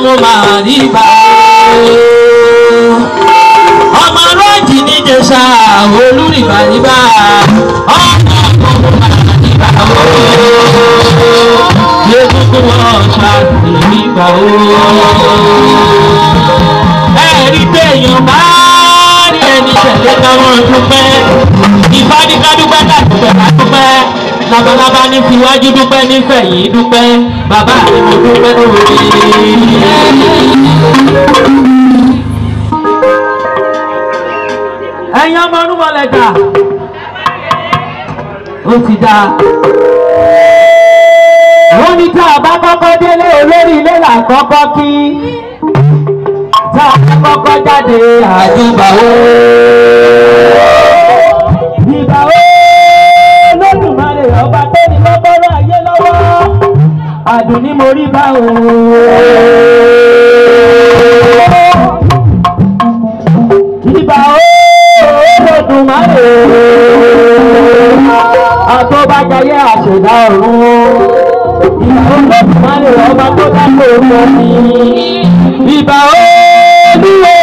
ló máa rí gbà ọmọ rọ́ọ̀jì ní jẹ̀ṣà olùrìbàrìbà ọmọ ọmọ rìbà o egungun ọ̀ṣà rìbà o. ẹ̀rí pé èèyàn bá rí ẹni tẹ̀lé káwọn dúpẹ́ ìfádìká dúpẹ́ tàbíkẹ́ bá dúpẹ́ labalábá ní tiwájú dúpẹ́ nífẹ̀yìn dúpẹ́ bàbá mi mo dúpẹ́ lórí. ẹ̀yin ọmọ olúmọlẹ́jà ó ti dáa wọ́n ní tá a bá kọ́kọ́ délé olórí ilé là kọ́kọ́ kí tá a bá kọ́kọ́ jáde àdúgbò. ẹ̀bùn ni mo rí bá ìbà ó lọ́dún máa lè àtọ́bájayé àṣẹ̀dá ọ̀run ìbà ó lọ́dún máa lè ọba tó dágbò ọmọ mi ìbà ó dúró.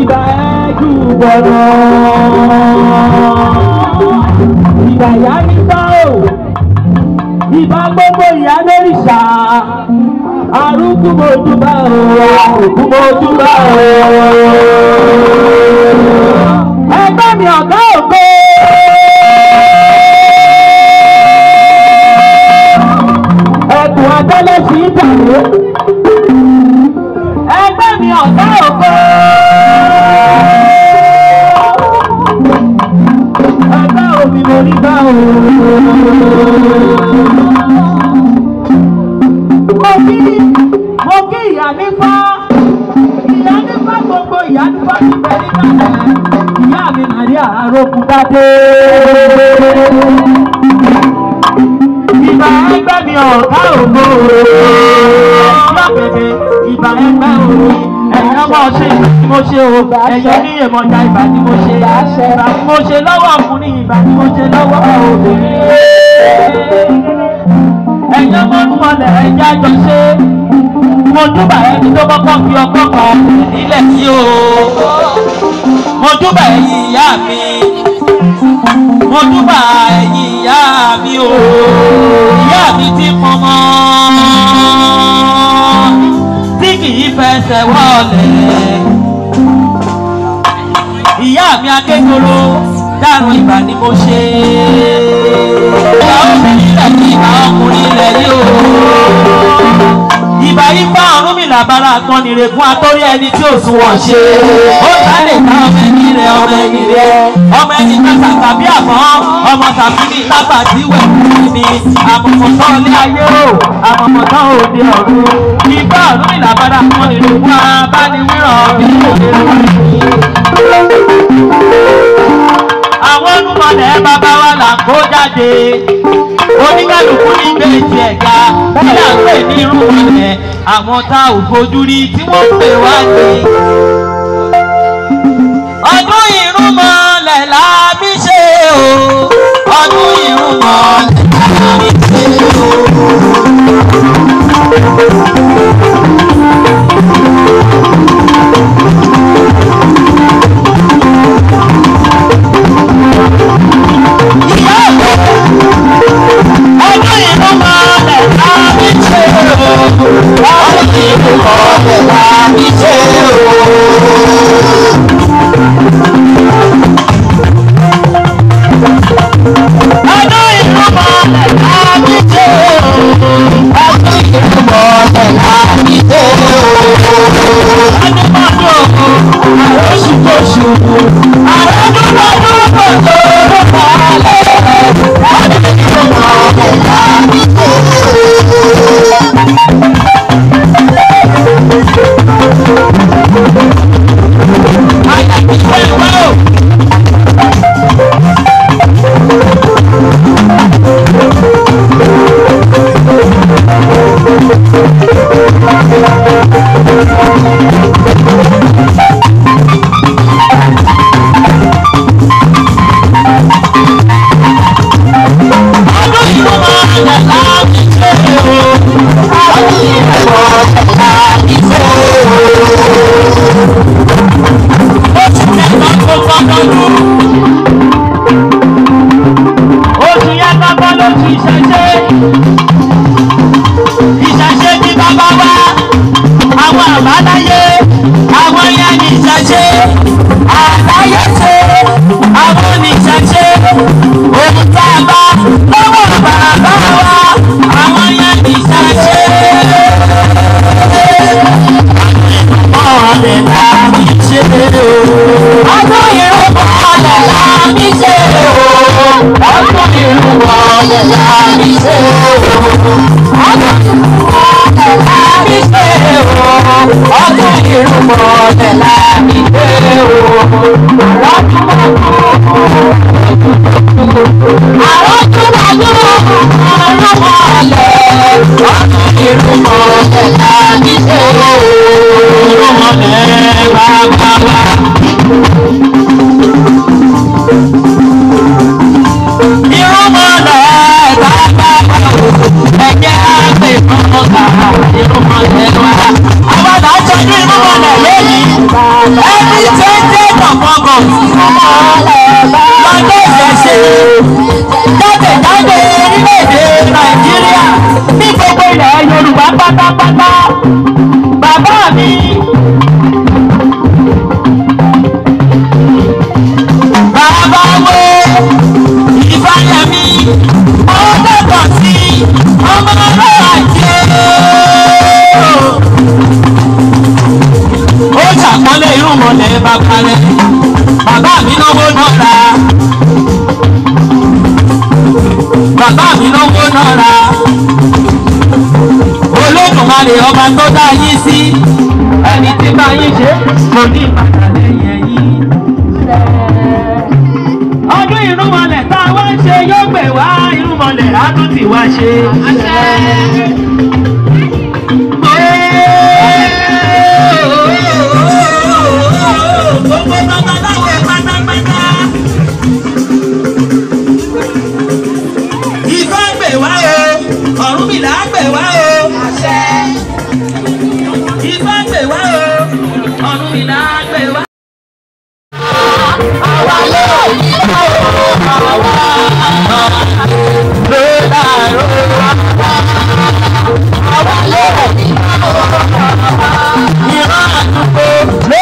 ìbà ẹ jù bọ̀dọ̀. Àjàyà ní sáò ìbá gbogbo ìyá lórìṣà arúgbó mojúbà o òkú mojúbà o. ẹgbẹ́ mi ọ̀gá ògo. ẹkùn abẹ́lẹ̀ sí ẹgbẹ́ mi ọ̀gá ògo. mo kí ìyá nípa ìyá nípa gbogbo ìyá nípa ti bẹ nípa ìyá mi nàìjíríà arókun dáadé. ìbà ẹgbẹ́ mi ọ̀tá ògbó lọ́pẹ̀tẹ̀ ìbà ẹgbẹ́ òní ẹ̀yàn mọ̀ ṣe tí mo ṣe o ẹ̀yàn ní èmọ̀jà ìbà tí mo ṣe ìbà tí mo ṣe lọ́wọ́ ọkùnrin ìbà tí mo ṣe lọ́wọ́ obìnrin ẹ̀yin ọmọ ọdúnmọ̀lẹ̀ ẹ̀yà àjọṣe mo júbà ẹni tó kọ́kọ́ fi ọgbọ́n kan nílẹ̀ sí o mo júbà ìyá mi mo júbà ẹ̀yin ìyá mi o ìyá mi ti pọnmọ́ tí kì í fẹsẹ̀ wọlé ìyá mi akéjoro àdárùn ìbà ni mo ṣe. ìbà obìnrin rẹ̀ kí ìbà ọkùnrin ilẹ̀ yìí o. ìbà yìí bá ọ̀run mi làbára kan nìrè fún atọ́rí ẹni tí ò sùn wọ̀n ṣe. ó bá lè ta ọmọ ẹni rẹ̀ ọmọ ẹni rẹ̀ ọmọ ẹni tàkà tàbí àmọ́ ọmọ tàbí ní tábà tí wẹ̀ ní àmọ̀mọ̀tán ilé ayé o àmọ̀mọ̀tán òde ọ̀run. ìbá ọ̀run mi làbára kan nìrè fún abániwíràn bí òde rẹ̀ àwọn olùmọ̀lẹ̀ bàbá wa là ń kó jáde oníkàlùkù ní gbèsè ẹ̀ka tí à ń pè ní irúnmọ̀lẹ̀ àwọn tá ò fojú rí tí wọ́n pè wá ní. ọdún irúnmọ̀lẹ̀ la bí ṣe o ọdún irúnmọ̀lẹ̀ la bí ṣe o. bàbá wa àwọn àbáláyé àwọn ní ẹni ìṣàṣe àláyé ṣe àwọn ní ìṣàṣe òun tá a bá lọ́wọ́ bàbá wa àwọn ní ẹni ìṣàṣe. Ọ̀rẹ́ la mi ṣe o. Ọdún yìí ń bọ̀ ọ̀rẹ́ la mi ṣe o. Ọdún yìí ń ọ̀rẹ́ la mi ṣe o. Ọdún yìí ń bọ̀ lámì dé o ọdún ìrúmọlẹ̀ lámì dé o ọdún mọ́kànlá àròjù láyé ìrúmọlẹ̀ ọdún ìrúmọlẹ̀ lámì dé o ìrúmọlẹ̀ bàbá wa. dọ́ra bàbá mi lọ́wọ́ dọ́ra bàbá mi lọ́wọ́ dọ́ra Olódùmarè ọba tó dá yín sí ẹni tí bá yín ṣe kò ní ìbàdàn lẹ́yìn ẹ̀yìn. ọdún ìrúmọlẹ̀ tá a wá ń ṣe yóò gbè wá ìrúmọlẹ̀ á tún ti wá ṣe. gbogbo babaláwo pátápátá. Ifá gbè wá o, Ọ̀rúnmìlà gbè wá o. Ifá gbè wá o, Ọ̀rúnmìlà gbè wá. Àwa yóò yí káwọ́ àwa ló dàrú wá. Àwa yóò yí káwọ́ àwa ìran àdúgbò ló.